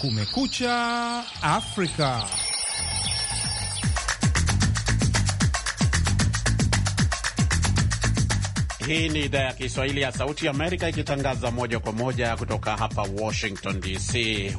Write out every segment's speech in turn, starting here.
Kumekucha Afrika. Hii ni idhaa ya Kiswahili ya Sauti Amerika ikitangaza moja kwa moja kutoka hapa Washington DC.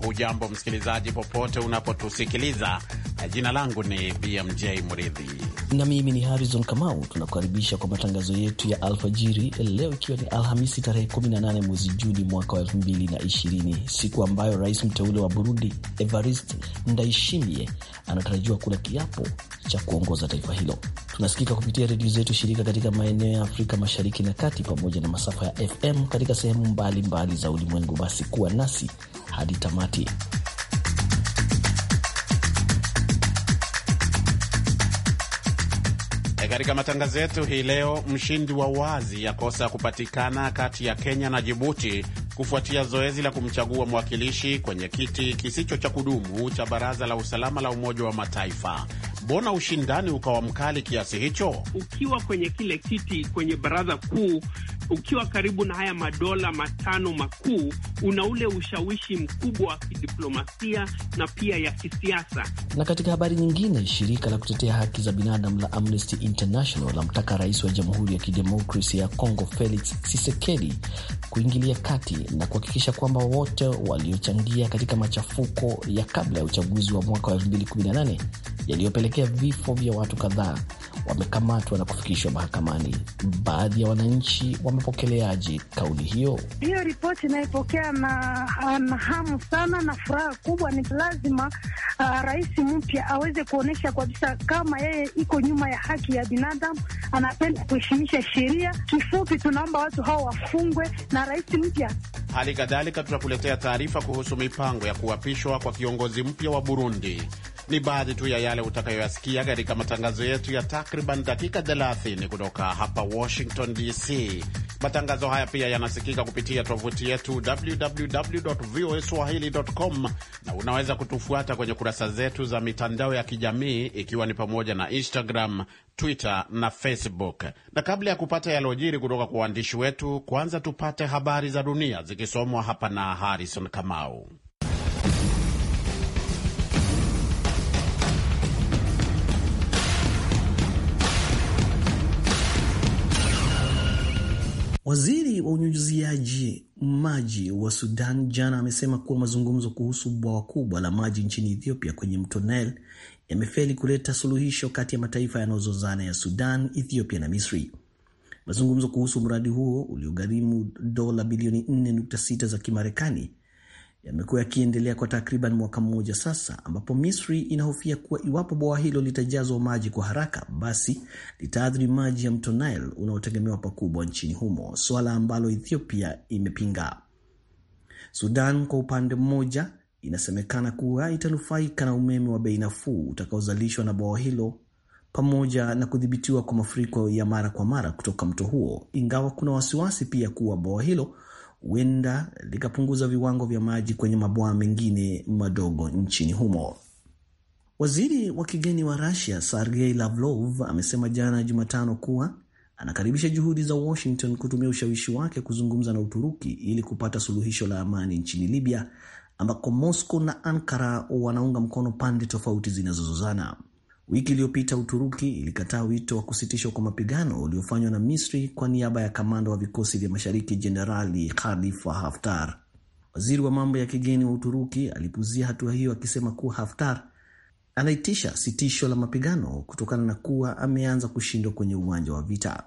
Hujambo msikilizaji, popote unapotusikiliza Eh, jina langu ni BMJ Mridhi na mimi ni Harrison Kamau. Tunakukaribisha kwa matangazo yetu ya alfajiri leo, ikiwa ni Alhamisi tarehe 18 mwezi Juni mwaka wa 2020, siku ambayo rais mteule wa Burundi Evariste Ndayishimiye anatarajiwa kula kiapo cha kuongoza taifa hilo. Tunasikika kupitia redio zetu shirika katika maeneo ya Afrika Mashariki na Kati, pamoja na masafa ya FM katika sehemu mbalimbali mbali za ulimwengu. Basi kuwa nasi hadi tamati. E, katika matangazo yetu hii leo, mshindi wa wazi yakosa kupatikana kati ya Kenya na Jibuti kufuatia zoezi la kumchagua mwakilishi kwenye kiti kisicho cha kudumu cha Baraza la Usalama la Umoja wa Mataifa. Mbona ushindani ukawa mkali kiasi hicho? Ukiwa kwenye kile kiti kwenye baraza kuu ukiwa karibu na haya madola matano makuu, una ule ushawishi mkubwa wa kidiplomasia na pia ya kisiasa. Na katika habari nyingine, shirika la kutetea haki za binadamu la Amnesty International lamtaka rais wa Jamhuri ya Kidemokrasia ya Kongo Felix Tshisekedi kuingilia kati na kuhakikisha kwamba wote waliochangia katika machafuko ya kabla ya uchaguzi wa mwaka wa 2018 yaliyopelekea vifo vya watu kadhaa wamekamatwa na kufikishwa mahakamani. Baadhi ya wananchi wamepokeleaje kauli hiyo? Hiyo ripoti inayepokea na, na um, hamu sana na furaha kubwa. Ni lazima uh, rais mpya aweze kuonyesha kabisa kama yeye iko nyuma ya haki ya binadamu, anapenda kuheshimisha sheria. Kifupi, tunaomba watu hao wafungwe na rais mpya. Hali kadhalika tutakuletea taarifa kuhusu mipango ya kuapishwa kwa kiongozi mpya wa Burundi. Ni baadhi tu ya yale utakayoyasikia katika matangazo yetu ya takriban dakika 30 kutoka hapa Washington DC. Matangazo haya pia yanasikika kupitia tovuti yetu www www.voaswahili.com, na unaweza kutufuata kwenye kurasa zetu za mitandao ya kijamii ikiwa ni pamoja na Instagram, Twitter na Facebook. Na kabla ya kupata yalojiri kutoka kwa waandishi wetu, kwanza tupate habari za dunia zikisomwa hapa na Harrison Kamau. Waziri wa unyunyuziaji maji wa Sudan jana amesema kuwa mazungumzo kuhusu bwawa kubwa la maji nchini Ethiopia kwenye mto Nile yamefeli kuleta suluhisho kati ya mataifa yanayozozana ya Sudan, Ethiopia na Misri. Mazungumzo kuhusu mradi huo uliogharimu dola bilioni 4.6 za Kimarekani yamekuwa yakiendelea kwa takriban mwaka mmoja sasa, ambapo Misri inahofia kuwa iwapo bwawa hilo litajazwa maji kwa haraka, basi litaathiri maji ya mto Nile unaotegemewa pakubwa nchini humo, suala ambalo Ethiopia imepinga. Sudan kwa upande mmoja inasemekana kuwa itanufaika na umeme wa bei nafuu utakaozalishwa na bwawa hilo pamoja na kudhibitiwa kwa mafuriko ya mara kwa mara kutoka mto huo, ingawa kuna wasiwasi pia kuwa bwawa hilo huenda likapunguza viwango vya maji kwenye mabwawa mengine madogo nchini humo. Waziri wa kigeni wa rasia Sergei Lavrov amesema jana Jumatano kuwa anakaribisha juhudi za Washington kutumia ushawishi wake kuzungumza na Uturuki ili kupata suluhisho la amani nchini Libya ambako Moscow na Ankara wanaunga mkono pande tofauti zinazozozana. Wiki iliyopita Uturuki ilikataa wito wa kusitishwa kwa mapigano uliofanywa na Misri kwa niaba ya kamanda wa vikosi vya mashariki Jenerali Khalifa Haftar. Waziri wa mambo ya kigeni wa Uturuki alipuzia hatua hiyo akisema kuwa Haftar anaitisha sitisho la mapigano kutokana na kuwa ameanza kushindwa kwenye uwanja wa vita.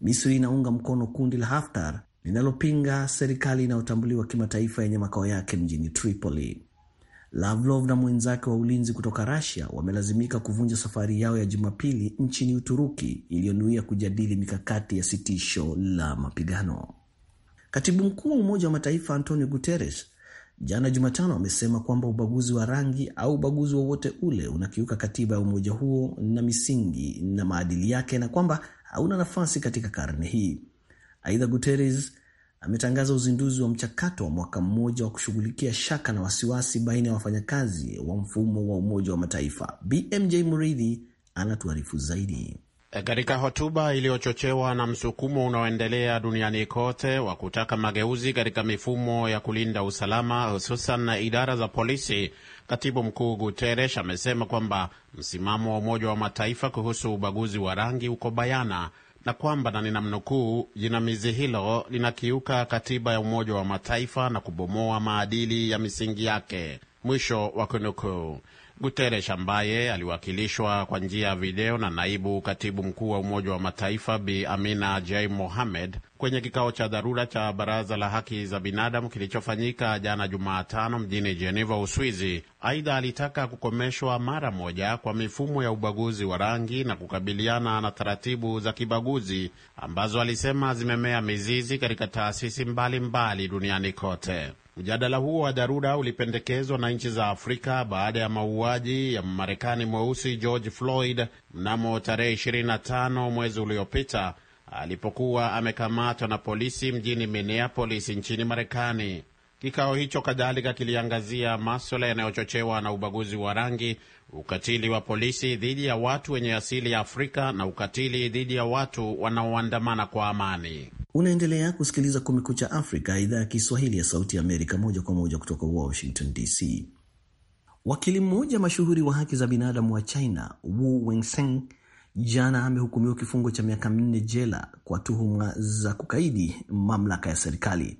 Misri inaunga mkono kundi la Haftar linalopinga serikali inayotambuliwa kimataifa yenye makao yake mjini Tripoli. Lavrov na mwenzake wa ulinzi kutoka rasia wamelazimika kuvunja safari yao ya Jumapili nchini Uturuki iliyonuia kujadili mikakati ya sitisho la mapigano. Katibu mkuu wa Umoja wa Mataifa Antonio Guterres jana Jumatano amesema kwamba ubaguzi wa rangi au ubaguzi wowote ule unakiuka katiba ya umoja huo na misingi na maadili yake na kwamba hauna nafasi katika karne hii. Aidha, Guterres ametangaza uzinduzi wa mchakato wa mwaka mmoja wa kushughulikia shaka na wasiwasi baina ya wafanyakazi wa mfumo wa Umoja wa Mataifa. BMJ Muridhi anatuarifu zaidi. E, katika hotuba iliyochochewa na msukumo unaoendelea duniani kote wa kutaka mageuzi katika mifumo ya kulinda usalama, hususan na idara za polisi, katibu mkuu Guterres amesema kwamba msimamo wa Umoja wa Mataifa kuhusu ubaguzi wa rangi uko bayana na kwamba na ninamnukuu, jinamizi hilo linakiuka katiba ya Umoja wa Mataifa na kubomoa maadili ya misingi yake, mwisho wa kunukuu. Guterres ambaye aliwakilishwa kwa njia ya video na naibu katibu mkuu wa Umoja wa Mataifa Bi Amina J Mohamed kwenye kikao cha dharura cha Baraza la Haki za Binadamu kilichofanyika jana Jumatano mjini Geneva, Uswizi. Aidha, alitaka kukomeshwa mara moja kwa mifumo ya ubaguzi wa rangi na kukabiliana na taratibu za kibaguzi ambazo alisema zimemea mizizi katika taasisi mbalimbali mbali duniani kote. Mjadala huo wa dharura ulipendekezwa na nchi za Afrika baada ya mauaji ya Marekani mweusi George Floyd mnamo tarehe 25 mwezi uliopita alipokuwa amekamatwa na polisi mjini Minneapolis nchini Marekani. Kikao hicho kadhalika kiliangazia maswala yanayochochewa na ubaguzi wa rangi ukatili wa polisi dhidi ya watu wenye asili ya Afrika na ukatili dhidi ya watu wanaoandamana kwa amani. Unaendelea kusikiliza Kumekucha Afrika, idhaa ya Kiswahili ya Sauti ya Amerika, moja kwa moja kutoka Washington DC. Wakili mmoja mashuhuri wa haki za binadamu wa China, Wu Wenseng, jana amehukumiwa kifungo cha miaka minne jela kwa tuhuma za kukaidi mamlaka ya serikali.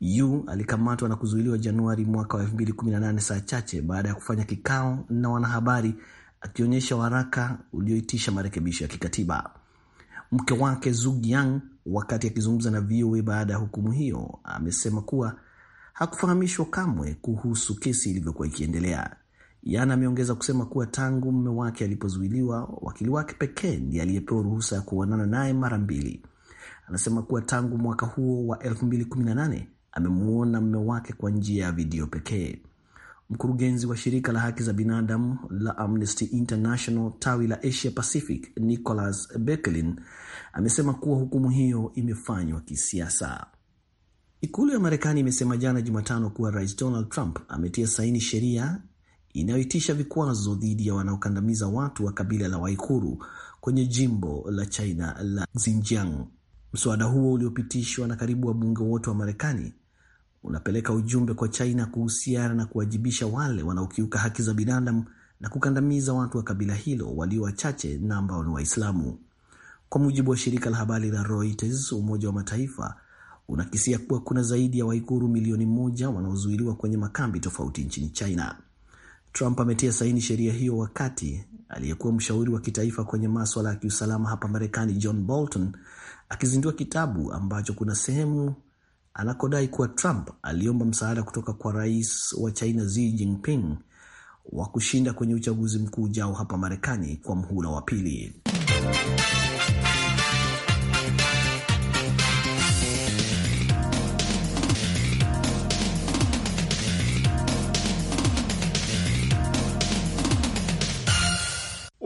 Yu alikamatwa na kuzuiliwa Januari mwaka wa 2018 saa chache baada ya kufanya kikao na wanahabari akionyesha waraka ulioitisha marekebisho ya kikatiba. Mke wake Zug Yang, wakati akizungumza na VOA baada ya hukumu hiyo, amesema kuwa hakufahamishwa kamwe kuhusu kesi ilivyokuwa ikiendelea. Yana ameongeza kusema kuwa tangu mme wake alipozuiliwa, wakili wake pekee ndiye aliyepewa ruhusa ya kuonana naye mara mbili. Anasema kuwa tangu mwaka huo wa amemwona mme wake kwa njia ya video pekee. Mkurugenzi wa shirika la haki za binadamu la Amnesty International tawi la Asia Pacific, Nicholas Bekelin amesema kuwa hukumu hiyo imefanywa kisiasa. Ikulu ya Marekani imesema jana Jumatano kuwa Rais Donald Trump ametia saini sheria inayoitisha vikwazo dhidi ya wanaokandamiza watu wa kabila la Waikuru kwenye jimbo la China la Xinjiang. Mswada huo uliopitishwa na karibu wabunge wote wa Marekani unapeleka ujumbe kwa China kuhusiana na kuwajibisha wale wanaokiuka haki za binadamu na kukandamiza watu wa kabila hilo walio wachache na ambao ni Waislamu. Kwa mujibu wa shirika la habari la Reuters, Umoja wa Mataifa unakisia kuwa kuna zaidi ya Waikuru milioni moja wanaozuiliwa kwenye makambi tofauti nchini China. Trump ametia saini sheria hiyo wakati aliyekuwa mshauri wa kitaifa kwenye maswala ya kiusalama hapa Marekani, John Bolton akizindua kitabu ambacho kuna sehemu anakodai kuwa Trump aliomba msaada kutoka kwa rais wa China Xi Jinping wa kushinda kwenye uchaguzi mkuu ujao hapa Marekani kwa mhula wa pili.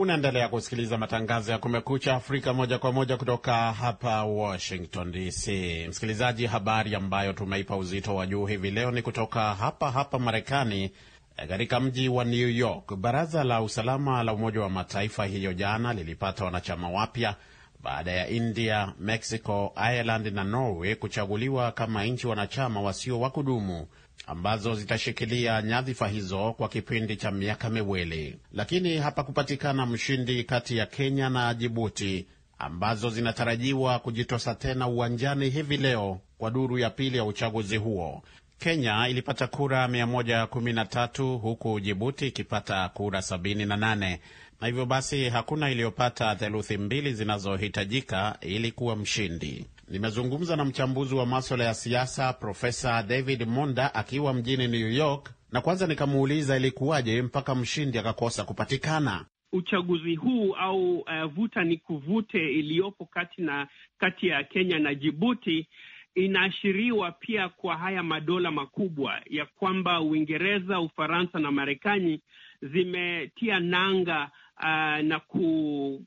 Unaendelea kusikiliza matangazo ya Kumekucha Afrika moja kwa moja kutoka hapa Washington DC. Msikilizaji, habari ambayo tumeipa uzito wa juu hivi leo ni kutoka hapa hapa Marekani, katika mji wa New York. Baraza la Usalama la Umoja wa Mataifa hiyo jana lilipata wanachama wapya baada ya India, Mexico, Ireland na Norway kuchaguliwa kama nchi wanachama wasio wa kudumu ambazo zitashikilia nyadhifa hizo kwa kipindi cha miaka miwili, lakini hapakupatikana mshindi kati ya Kenya na Jibuti ambazo zinatarajiwa kujitosa tena uwanjani hivi leo kwa duru ya pili ya uchaguzi huo. Kenya ilipata kura 113 huku Jibuti ikipata kura 78 na hivyo basi hakuna iliyopata theluthi mbili zinazohitajika ili kuwa mshindi. Nimezungumza na mchambuzi wa maswala ya siasa Profesa David Monda akiwa mjini New York, na kwanza nikamuuliza ilikuwaje mpaka mshindi akakosa kupatikana. Uchaguzi huu au uh, vuta ni kuvute iliyopo kati na kati ya Kenya na Jibuti inaashiriwa pia kwa haya madola makubwa ya kwamba Uingereza, Ufaransa na Marekani zimetia nanga uh, na eh, ku,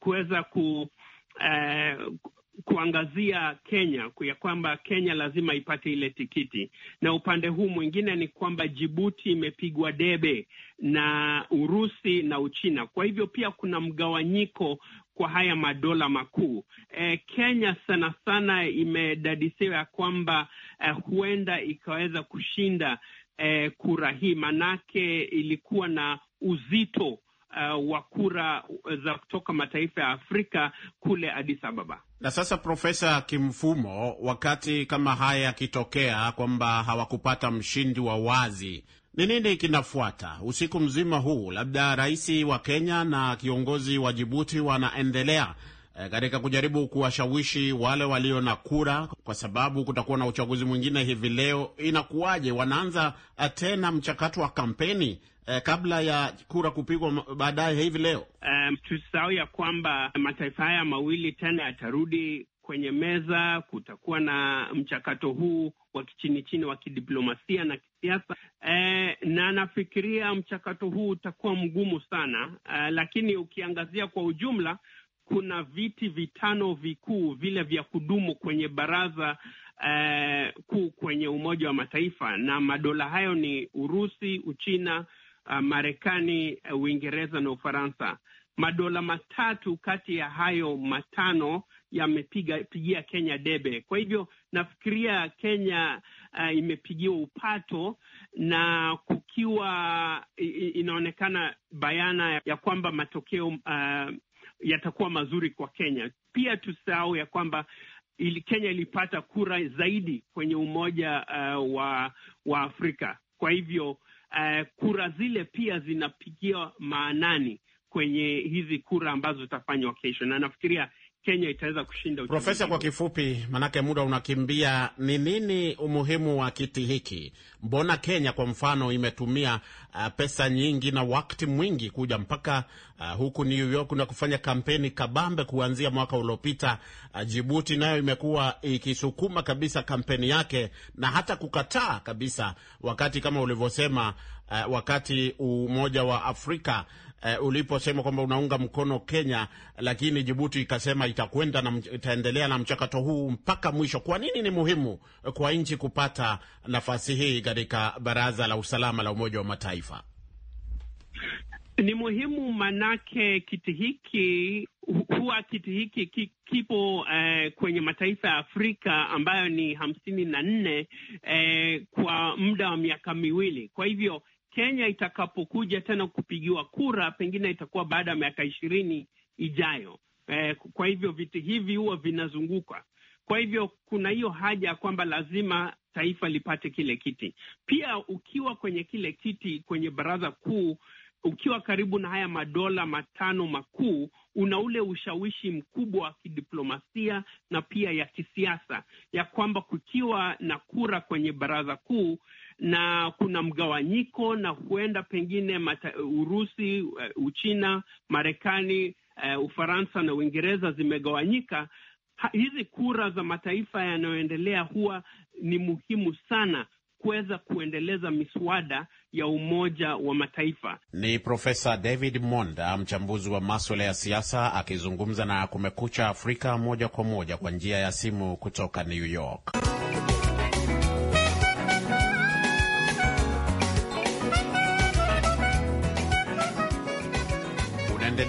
kuweza ku, uh, kuangazia Kenya ya kwamba Kenya lazima ipate ile tikiti, na upande huu mwingine ni kwamba Jibuti imepigwa debe na Urusi na Uchina. Kwa hivyo pia kuna mgawanyiko kwa haya madola makuu. E, Kenya sana sana imedadisiwa ya kwamba e, huenda ikaweza kushinda e, kura hii, manake ilikuwa na uzito e, wa kura za kutoka mataifa ya Afrika kule Addis Ababa. Na sasa, Profesa Kimfumo, wakati kama haya yakitokea kwamba hawakupata mshindi wa wazi, ni nini kinafuata? Usiku mzima huu labda rais wa Kenya na kiongozi wa Jibuti wanaendelea e, katika kujaribu kuwashawishi wale walio na kura, kwa sababu kutakuwa na uchaguzi mwingine hivi leo. Inakuwaje, wanaanza eh, tena mchakato wa kampeni eh, kabla ya kura kupigwa baadaye hivi leo. Um, tusisahau ya kwamba mataifa haya mawili tena yatarudi kwenye meza. Kutakuwa na mchakato huu wa kichini chini wa kidiplomasia na kisiasa eh, na nafikiria mchakato huu utakuwa mgumu sana eh, lakini ukiangazia kwa ujumla kuna viti vitano vikuu vile vya kudumu kwenye baraza eh, kuu kwenye Umoja wa Mataifa, na madola hayo ni Urusi, Uchina, uh, Marekani, uh, Uingereza na Ufaransa. Madola matatu kati ya hayo matano yamepigia Kenya debe. Kwa hivyo nafikiria Kenya uh, imepigiwa upato na kukiwa inaonekana bayana ya kwamba matokeo uh, yatakuwa mazuri kwa Kenya. Pia tusahau ya kwamba ili Kenya ilipata kura zaidi kwenye Umoja uh, wa, wa Afrika. Kwa hivyo eh, kura zile pia zinapigia maanani kwenye hizi kura ambazo zitafanywa kesho, na nafikiria Kenya itaweza kushinda Profesa, kwa kifupi, manake muda unakimbia, ni nini umuhimu wa kiti hiki? Mbona Kenya kwa mfano imetumia uh, pesa nyingi na wakati mwingi kuja mpaka uh, huku New York na kufanya kampeni kabambe kuanzia mwaka uliopita. Uh, Jibuti nayo imekuwa ikisukuma kabisa kampeni yake na hata kukataa kabisa, wakati kama ulivyosema uh, wakati Umoja wa Afrika uh, uliposema kwamba unaunga mkono Kenya, lakini Jibuti ikasema itakwenda na itaendelea na mchakato huu mpaka mwisho. Kwa nini ni muhimu eh, kwa nchi kupata nafasi hii katika Baraza la Usalama la Umoja wa Mataifa? Ni muhimu manake kiti hiki huwa kiti hiki kipo eh, kwenye mataifa ya Afrika ambayo ni hamsini na nne eh, kwa muda wa miaka miwili. Kwa hivyo Kenya itakapokuja tena kupigiwa kura, pengine itakuwa baada ya miaka ishirini ijayo. Eh, kwa hivyo viti hivi huwa vinazunguka. Kwa hivyo kuna hiyo haja ya kwamba lazima taifa lipate kile kiti. Pia ukiwa kwenye kile kiti kwenye baraza kuu, ukiwa karibu na haya madola matano makuu, una ule ushawishi mkubwa wa kidiplomasia na pia ya kisiasa, ya kwamba kukiwa na kura kwenye baraza kuu na kuna mgawanyiko na huenda pengine mata, Urusi, eh, Uchina, Marekani, uh, Ufaransa na Uingereza zimegawanyika. Ha, hizi kura za mataifa yanayoendelea huwa ni muhimu sana kuweza kuendeleza miswada ya Umoja wa Mataifa. Ni Profesa David Monda, mchambuzi wa maswala ya siasa, akizungumza na Kumekucha Afrika moja kwa moja kwa njia ya simu kutoka New York.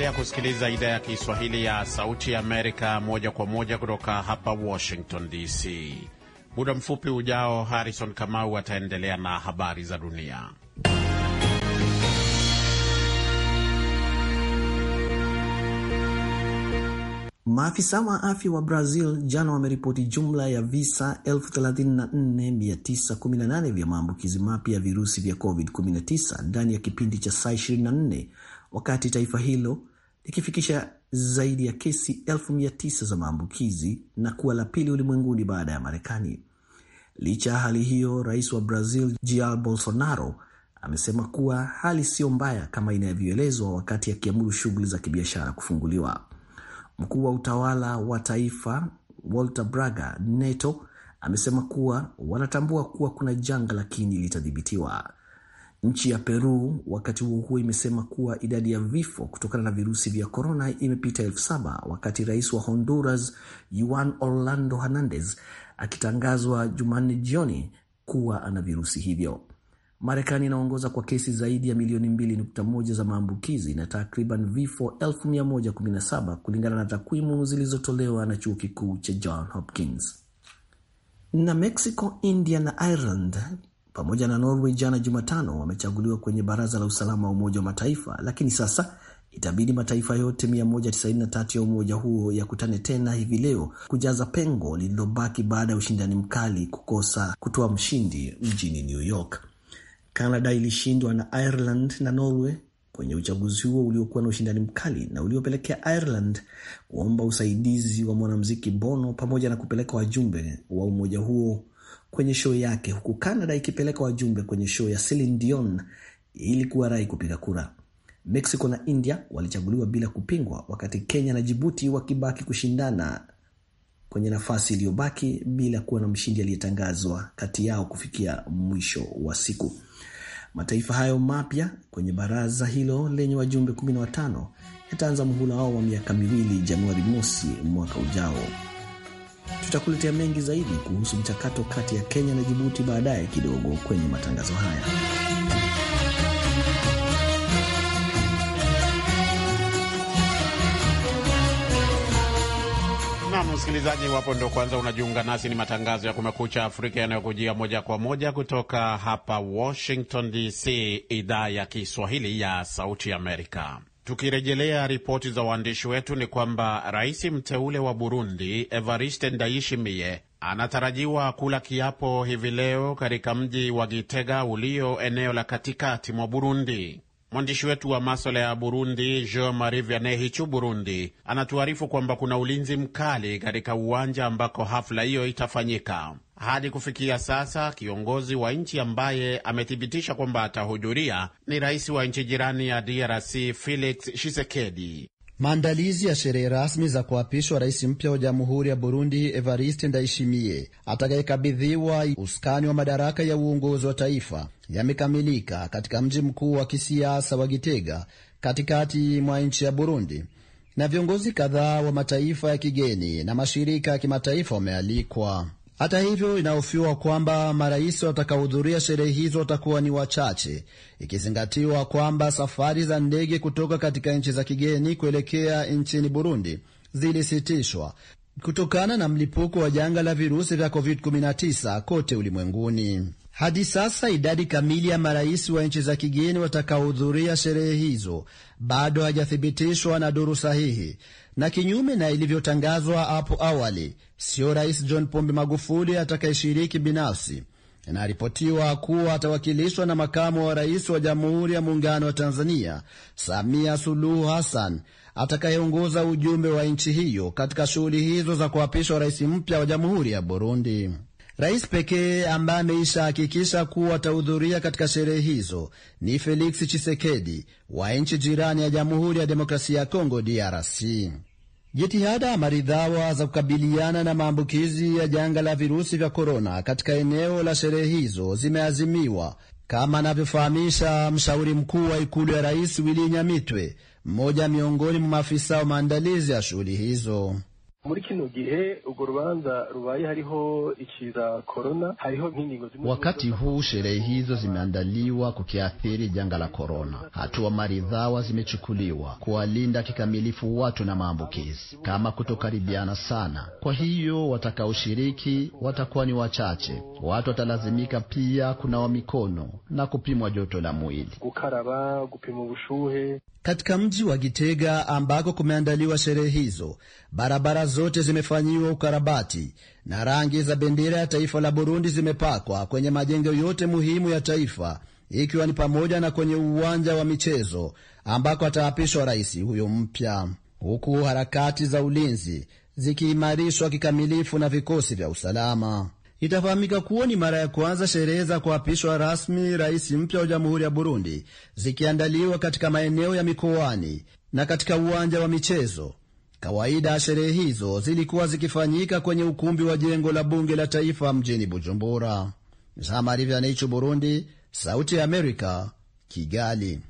Unaendelea kusikiliza idhaa ya Kiswahili ya Sauti ya Amerika moja kwa moja kutoka hapa Washington DC. Muda mfupi ujao, Harrison Kamau ataendelea na habari za dunia. Maafisa wa afya wa Brazil jana wameripoti jumla ya visa 34918 vya maambukizi mapya ya virusi vya COVID-19 ndani ya kipindi cha saa 24 wakati taifa hilo likifikisha zaidi ya kesi elfu mia tisa za maambukizi na kuwa la pili ulimwenguni baada ya Marekani. Licha ya hali hiyo, rais wa Brazil Jair Bolsonaro amesema kuwa hali siyo mbaya kama inavyoelezwa wakati akiamuru shughuli za kibiashara kufunguliwa. Mkuu wa utawala wa taifa Walter Braga Neto amesema kuwa wanatambua kuwa kuna janga lakini litadhibitiwa. Nchi ya Peru wakati huo huo imesema kuwa idadi ya vifo kutokana na virusi vya korona imepita elfu saba wakati rais wa Honduras Juan Orlando Hernandez akitangazwa Jumanne jioni kuwa ana virusi hivyo. Marekani inaongoza kwa kesi zaidi ya milioni 2.1 za maambukizi na takriban vifo 117 kulingana na takwimu zilizotolewa na chuo kikuu cha John Hopkins. Na Mexico, India na Ireland pamoja na Norway jana Jumatano wamechaguliwa kwenye baraza la usalama wa Umoja wa Mataifa, lakini sasa itabidi mataifa yote 193 ya umoja huo yakutane tena hivi leo kujaza pengo lililobaki baada ya ushindani mkali kukosa kutoa mshindi mjini New York. Canada ilishindwa na Ireland na Norway kwenye uchaguzi huo uliokuwa na ushindani mkali na uliopelekea Ireland kuomba usaidizi wa mwanamuziki Bono pamoja na kupeleka wajumbe wa umoja huo kwenye show yake, huku Canada ikipeleka wajumbe kwenye show ya Celine Dion ili kuwarai kupiga kura. Mexico na India walichaguliwa bila kupingwa, wakati Kenya na Jibuti wakibaki kushindana kwenye nafasi iliyobaki bila kuwa na mshindi aliyetangazwa kati yao kufikia mwisho wa siku. Mataifa hayo mapya kwenye baraza hilo lenye wajumbe 15 yataanza muhula wao wa miaka miwili Januari mosi mwaka ujao. Tutakuletea mengi zaidi kuhusu mchakato kati ya Kenya na Jibuti baadaye kidogo kwenye matangazo haya. Msikilizaji wapo ndo kwanza unajiunga nasi, ni matangazo ya Kumekucha Afrika yanayokujia moja kwa moja kutoka hapa Washington DC, idhaa ya Kiswahili ya Sauti Amerika. Tukirejelea ripoti za waandishi wetu ni kwamba rais mteule wa Burundi Evariste Ndayishimiye anatarajiwa kula kiapo hivi leo katika mji wa Gitega ulio eneo la katikati mwa Burundi. Mwandishi wetu wa maswala ya Burundi Jean Marie Vianney Hichu Burundi anatuarifu kwamba kuna ulinzi mkali katika uwanja ambako hafla hiyo itafanyika. Hadi kufikia sasa kiongozi wa nchi ambaye amethibitisha kwamba atahudhuria ni rais wa nchi jirani ya DRC Felix Tshisekedi. Maandalizi ya sherehe rasmi za kuapishwa rais mpya wa jamhuri ya Burundi Evariste Ndayishimiye atakayekabidhiwa usukani wa madaraka ya uongozi wa taifa yamekamilika katika mji mkuu wa kisiasa wa Gitega katikati mwa nchi ya Burundi, na viongozi kadhaa wa mataifa ya kigeni na mashirika ya kimataifa wamealikwa. Hata hivyo, inahofiwa kwamba marais watakaohudhuria sherehe hizo watakuwa ni wachache, ikizingatiwa kwamba safari za ndege kutoka katika nchi za kigeni kuelekea nchini Burundi zilisitishwa kutokana na mlipuko wa janga la virusi vya COVID-19 kote ulimwenguni. Hadi sasa idadi kamili ya marais wa nchi za kigeni watakaohudhuria sherehe hizo bado hajathibitishwa na duru sahihi, na kinyume na ilivyotangazwa hapo awali, sio Rais John Pombe Magufuli atakayeshiriki binafsi. Inaripotiwa kuwa atawakilishwa na makamu wa rais wa Jamhuri ya Muungano wa Tanzania, Samia Suluhu Hassan, atakayeongoza ujumbe wa nchi hiyo katika shughuli hizo za kuapishwa rais mpya wa Jamhuri ya Burundi. Rais pekee ambaye ameisha hakikisha kuwa atahudhuria katika sherehe hizo ni Felix chisekedi wa nchi jirani ya Jamhuri ya Demokrasia ya Kongo, DRC. Jitihada maridhawa za kukabiliana na maambukizi ya janga la virusi vya korona katika eneo la sherehe hizo zimeazimiwa kama anavyofahamisha mshauri mkuu wa ikulu ya rais Willy Nyamitwe, mmoja miongoni mwa maafisa wa maandalizi ya shughuli hizo muri kino gihe ugo rubanza rubaye hariho ikiza korona hariho nkingingo zimwe. Wakati huu sherehe hizo zimeandaliwa kukiathiri janga la korona. Hatua maridhawa zimechukuliwa kuwalinda kikamilifu watu na maambukizi, kama kutokaribiana sana. Kwa hiyo watakaoshiriki watakuwa ni wachache. Watu watalazimika pia kunawa mikono na kupimwa joto la mwili, gukaraba, kupima ushuhe. Katika mji wa Gitega ambako kumeandaliwa sherehe hizo, barabara zote zimefanyiwa ukarabati na rangi za bendera ya taifa la Burundi zimepakwa kwenye majengo yote muhimu ya taifa ikiwa ni pamoja na kwenye uwanja wa michezo ambako ataapishwa rais huyo mpya, huku harakati za ulinzi zikiimarishwa kikamilifu na vikosi vya usalama. Itafahamika kuwa ni mara ya kwanza sherehe za kuapishwa rasmi rais mpya wa jamhuri ya Burundi zikiandaliwa katika maeneo ya mikoani na katika uwanja wa michezo Kawaida sherehe hizo zilikuwa zikifanyika kwenye ukumbi wa jengo la bunge la taifa mjini Bujumbura. Jean Burundi, Sauti ya Amerika, Kigali.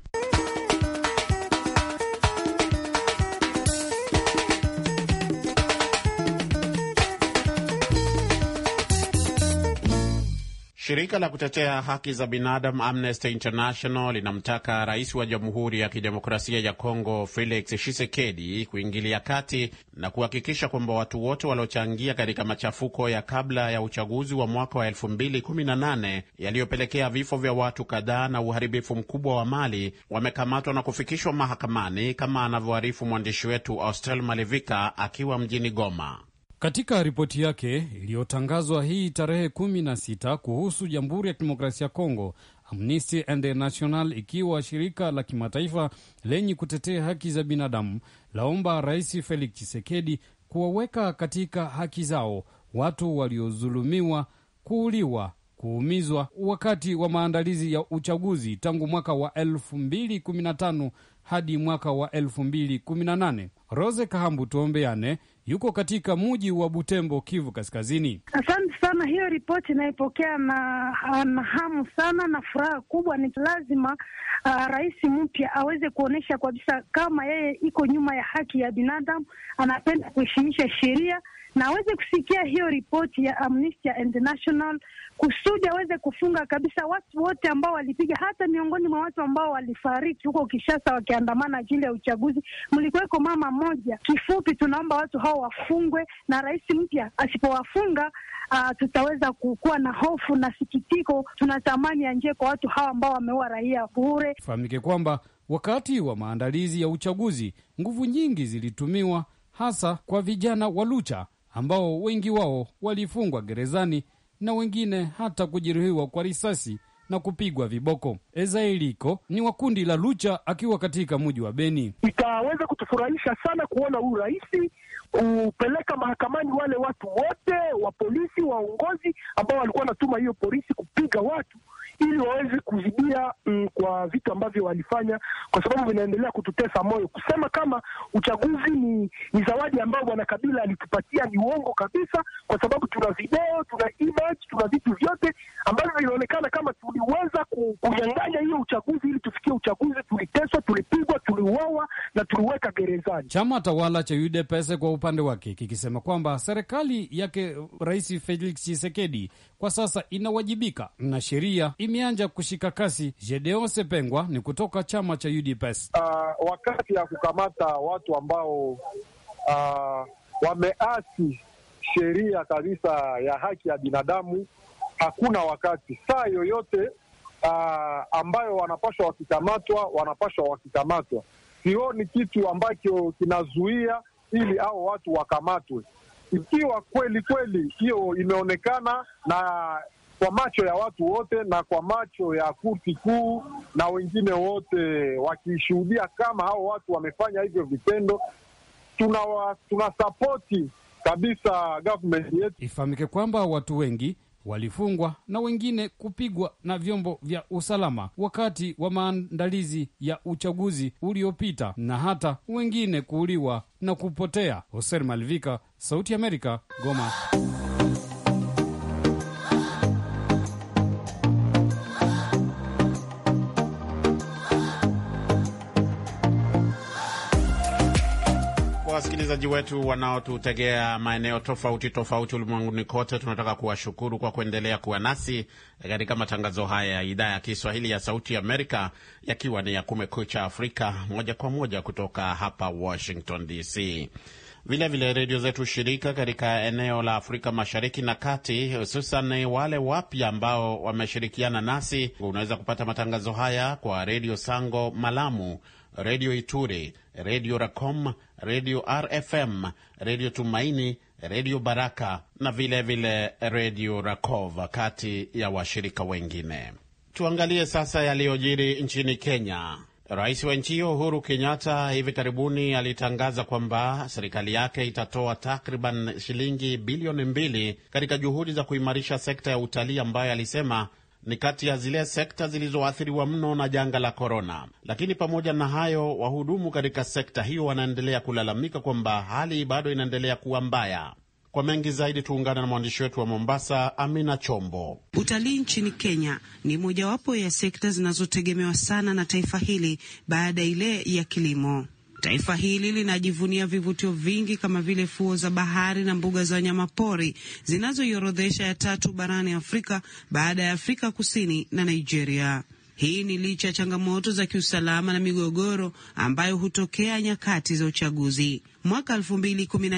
Shirika la kutetea haki za binadamu Amnesty International linamtaka rais wa Jamhuri ya Kidemokrasia ya Kongo Felix Tshisekedi kuingilia kati na kuhakikisha kwamba watu wote waliochangia katika machafuko ya kabla ya uchaguzi wa mwaka wa 2018 yaliyopelekea vifo vya watu kadhaa na uharibifu mkubwa wa mali wamekamatwa na kufikishwa mahakamani, kama anavyoarifu mwandishi wetu Austel Malivika akiwa mjini Goma. Katika ripoti yake iliyotangazwa hii tarehe kumi na sita kuhusu Jamhuri ya Kidemokrasia ya Kongo, Amnesty International ikiwa shirika la kimataifa lenye kutetea haki za binadamu laomba Rais Felix Tshisekedi kuwaweka katika haki zao watu waliozulumiwa kuuliwa, kuumizwa wakati wa maandalizi ya uchaguzi tangu mwaka wa 2015 hadi mwaka wa 2018. Rose Kahambu, tuombeane yuko katika muji wa Butembo, Kivu Kaskazini. Asante sana, hiyo ripoti inayepokea na, ah, na hamu sana na furaha kubwa. Ni lazima uh, rais mpya aweze kuonyesha kabisa kama yeye iko nyuma ya haki ya binadamu, anapenda kuheshimisha sheria na aweze kusikia hiyo ripoti ya Amnesty International kusudi aweze kufunga kabisa watu wote ambao walipiga, hata miongoni mwa watu ambao walifariki huko Kishasa wakiandamana ajili ya uchaguzi, mlikuweko mama mmoja Kifupi, tunaomba watu hao wafungwe, na rais mpya asipowafunga Uh, tutaweza kukuwa na hofu na sikitiko. Tunatamani ya kwa watu hawa ambao wameua raia bure. Fahamike kwamba wakati wa maandalizi ya uchaguzi nguvu nyingi zilitumiwa hasa kwa vijana wa Lucha ambao wengi wao walifungwa gerezani na wengine hata kujeruhiwa kwa risasi na kupigwa viboko. Ezailiko ni wa kundi la Lucha akiwa katika mji wa Beni. Itaweza kutufurahisha sana kuona huu rais kupeleka mahakamani wale watu wote wa polisi, waongozi ambao walikuwa wanatuma hiyo polisi kupiga watu ili waweze kuzibia mm, kwa vitu ambavyo walifanya, kwa sababu vinaendelea kututesa moyo. Kusema kama uchaguzi ni, ni zawadi ambayo bwana Kabila alitupatia ni uongo kabisa, kwa sababu tuna video, tuna image, tuna vitu vyote ambavyo vinaonekana kama tuliweza kunyang'anya hiyo uchaguzi ili tufikie uchaguzi. Tuliteswa, tulipigwa, tuliuawa na tuliweka gerezani. Chama tawala cha UDPS kwa upande wake kikisema kwamba serikali yake Rais Felix Tshisekedi kwa sasa inawajibika na sheria ime imeanja kushika kasi. Gedeon Sepengwa ni kutoka chama cha UDPS. Uh, wakati ya kukamata watu ambao uh, wameasi sheria kabisa ya haki ya binadamu, hakuna wakati saa yoyote uh, ambayo wanapashwa wakikamatwa, wanapashwa wakikamatwa. Sioni kitu ambacho kinazuia ili hao watu wakamatwe, ikiwa kweli kweli hiyo imeonekana na kwa macho ya watu wote na kwa macho ya kurti kuu na wengine wote wakishuhudia kama hao watu wamefanya hivyo vitendo. Tunawa, tunasapoti kabisa government yetu. Ifahamike kwamba watu wengi walifungwa na wengine kupigwa na vyombo vya usalama wakati wa maandalizi ya uchaguzi uliopita na hata wengine kuuliwa na kupotea. Hoser Malvika, Sauti ya Amerika, Goma. wasikilizaji wetu wanaotutegea maeneo tofauti tofauti ulimwenguni kote, tunataka kuwashukuru kwa kuendelea kuwa nasi katika matangazo haya ya idhaa ya Kiswahili ya Sauti Amerika, yakiwa ni ya Kumekucha Afrika, moja kwa moja kutoka hapa Washington DC. Vilevile redio zetu shirika katika eneo la Afrika mashariki na kati, hususan wale wapya ambao wameshirikiana nasi. Unaweza kupata matangazo haya kwa Redio Sango Malamu Redio Ituri, Redio Racom, Redio RFM, Redio Tumaini, Redio Baraka na vilevile Redio Rakova, kati ya washirika wengine. Tuangalie sasa yaliyojiri nchini Kenya. Rais wa nchi hiyo Uhuru Kenyatta hivi karibuni alitangaza kwamba serikali yake itatoa takriban shilingi bilioni mbili katika juhudi za kuimarisha sekta ya utalii ambayo alisema ni kati ya zile sekta zilizoathiriwa mno na janga la korona. Lakini pamoja na hayo, wahudumu katika sekta hiyo wanaendelea kulalamika kwamba hali bado inaendelea kuwa mbaya. Kwa mengi zaidi tuungane na mwandishi wetu wa Mombasa, Amina Chombo. Utalii nchini Kenya ni mojawapo ya sekta zinazotegemewa sana na taifa hili baada ile ya kilimo. Taifa hili linajivunia vivutio vingi kama vile fuo za bahari na mbuga za wanyamapori zinazoiorodhesha ya tatu barani Afrika baada ya Afrika Kusini na Nigeria. Hii ni licha ya changamoto za kiusalama na migogoro ambayo hutokea nyakati za uchaguzi. Mwaka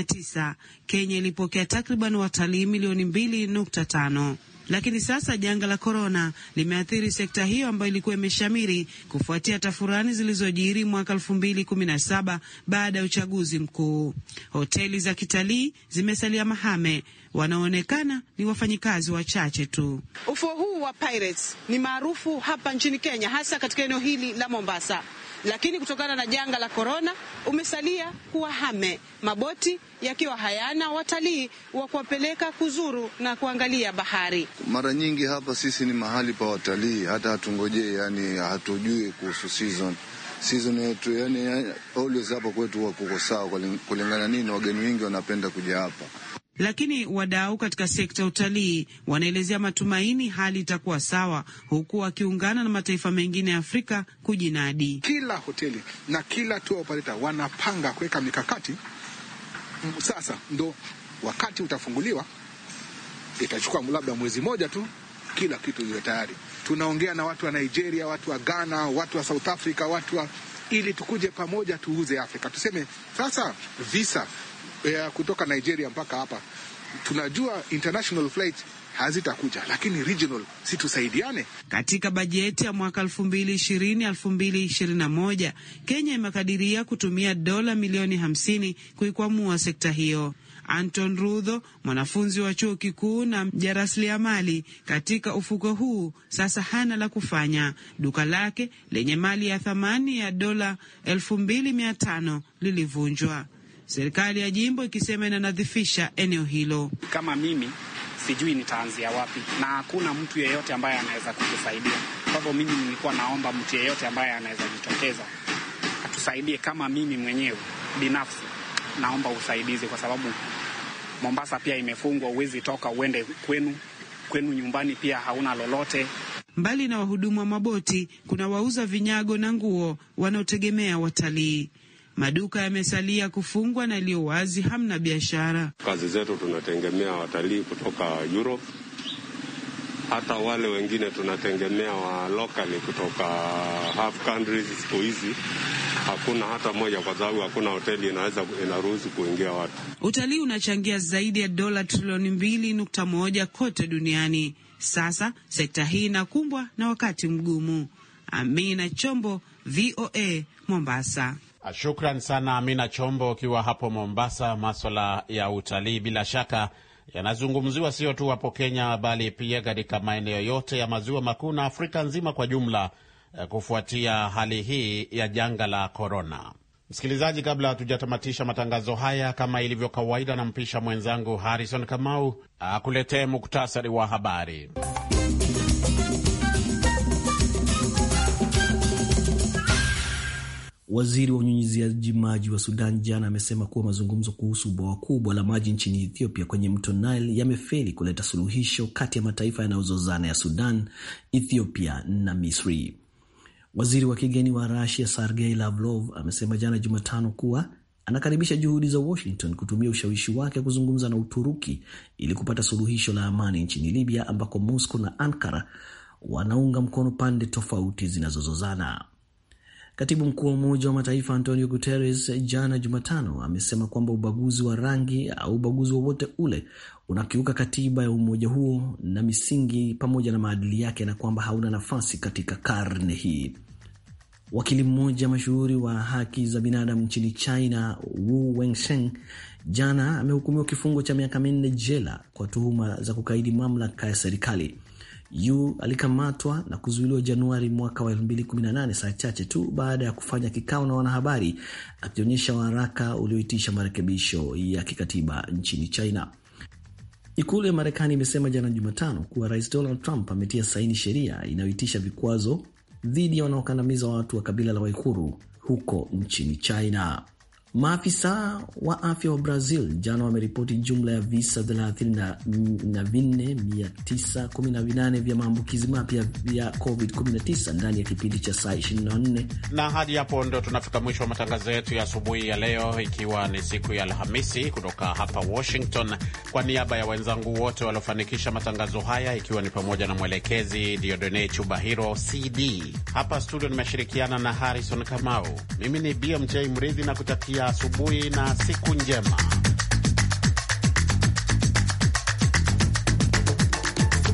tisa Kenya ilipokea takriban watalii milioni mbili tano lakini sasa janga la korona limeathiri sekta hiyo ambayo ilikuwa imeshamiri kufuatia tafurani zilizojiri mwaka elfu mbili kumi na saba baada ya uchaguzi mkuu. Hoteli za kitalii zimesalia mahame wanaonekana ni wafanyikazi wachache tu. Ufuo huu wa Pirates ni maarufu hapa nchini Kenya, hasa katika eneo hili la Mombasa, lakini kutokana na janga la korona umesalia kuwa hame, maboti yakiwa hayana watalii wa kuwapeleka kuzuru na kuangalia bahari. Mara nyingi hapa sisi ni mahali pa watalii, hata hatungojee, yani hatujui kuhusu season season yetu yani, always hapa kwetu huwa kuko sawa kulingana nini, wageni wengi wanapenda kuja hapa. Lakini wadau katika sekta ya utalii wanaelezea matumaini hali itakuwa sawa, huku wakiungana na mataifa mengine ya Afrika kujinadi. Kila hoteli na kila tour operator wanapanga kuweka mikakati. Mm, sasa ndo wakati utafunguliwa, itachukua labda mwezi moja tu, kila kitu iwe tayari. Tunaongea na watu wa Nigeria, watu wa Ghana, watu wa South Africa, watu wa ili tukuje pamoja tuuze Afrika, tuseme sasa visa ya kutoka Nigeria mpaka hapa. Tunajua international flight hazitakuja lakini regional, si tusaidiane. Katika bajeti ya mwaka 2020 2021, Kenya imekadiria kutumia dola milioni 50 kuikwamua sekta hiyo. Anton Rudho, mwanafunzi wa chuo kikuu na mjarasiliamali katika ufuko huu, sasa hana la kufanya. Duka lake lenye mali ya thamani ya dola 2500 lilivunjwa serikali ya jimbo ikisema inanadhifisha eneo hilo. Kama mimi sijui nitaanzia wapi, na hakuna mtu yeyote ambaye anaweza kutusaidia. Kwa hivyo mimi nilikuwa naomba mtu yeyote ambaye anaweza jitokeza atusaidie. Kama mimi mwenyewe binafsi naomba usaidizi, kwa sababu Mombasa pia imefungwa, huwezi toka uende kwenu, kwenu nyumbani pia hauna lolote. Mbali na wahudumu wa maboti, kuna wauza vinyago na nguo wanaotegemea watalii maduka yamesalia kufungwa na yaliyo wazi hamna biashara. Kazi zetu tunategemea watalii kutoka Europe, hata wale wengine tunategemea wa lokali kutoka half countries. Siku hizi hakuna hata moja, kwa sababu hakuna hoteli inaweza inaruhusu kuingia watu. Utalii unachangia zaidi ya dola trilioni mbili nukta moja kote duniani. Sasa sekta hii inakumbwa na wakati mgumu. Amina Chombo, VOA Mombasa. Ah, shukran sana Amina Chombo, ukiwa hapo Mombasa. Maswala ya utalii bila shaka yanazungumziwa sio tu hapo Kenya, bali pia katika maeneo yote ya maziwa makuu na Afrika nzima kwa jumla, eh, kufuatia hali hii ya janga la korona. Msikilizaji, kabla hatujatamatisha matangazo haya, kama ilivyo kawaida, nampisha mwenzangu Harrison Kamau akuletee muktasari wa habari. Waziri wa unyunyiziaji maji wa Sudan jana amesema kuwa mazungumzo kuhusu bwawa kubwa la maji nchini Ethiopia kwenye mto Nile yamefeli kuleta suluhisho kati ya mataifa yanayozozana ya Sudan, Ethiopia na Misri. Waziri wa kigeni wa Rusia Sergei Lavrov amesema jana Jumatano kuwa anakaribisha juhudi za Washington kutumia ushawishi wake kuzungumza na Uturuki ili kupata suluhisho la amani nchini Libya ambako Moscow na Ankara wanaunga mkono pande tofauti zinazozozana. Katibu mkuu wa Umoja wa Mataifa Antonio Guterres jana Jumatano amesema kwamba ubaguzi wa rangi au ubaguzi wowote ule unakiuka katiba ya umoja huo na misingi pamoja na maadili yake na kwamba hauna nafasi katika karne hii. Wakili mmoja mashuhuri wa haki za binadamu nchini China, Wu Wengsheng, jana amehukumiwa kifungo cha miaka minne jela kwa tuhuma za kukaidi mamlaka ya serikali. Yu alikamatwa na kuzuiliwa Januari mwaka wa 2018 saa chache tu baada ya kufanya kikao na wanahabari akionyesha waraka ulioitisha marekebisho ya kikatiba nchini China. Ikulu ya Marekani imesema jana Jumatano kuwa Rais Donald Trump ametia saini sheria inayoitisha vikwazo dhidi ya wanaokandamiza watu wa kabila la Waikuru huko nchini China. Maafisa wa afya wa Brazil jana wameripoti jumla ya visa 34918 vya maambukizi mapya ya COVID-19 ndani ya kipindi cha saa 24. Na hadi hapo ndo tunafika mwisho wa matangazo yetu ya asubuhi ya leo, ikiwa ni siku ya Alhamisi. Kutoka hapa Washington, kwa niaba ya wenzangu wote waliofanikisha matangazo haya, ikiwa ni pamoja na mwelekezi Diodone Chubahiro CD, hapa studio nimeshirikiana na Harrison Kamau. Mimi ni BMJ Mridhi na kutakia asubuhi na siku njema.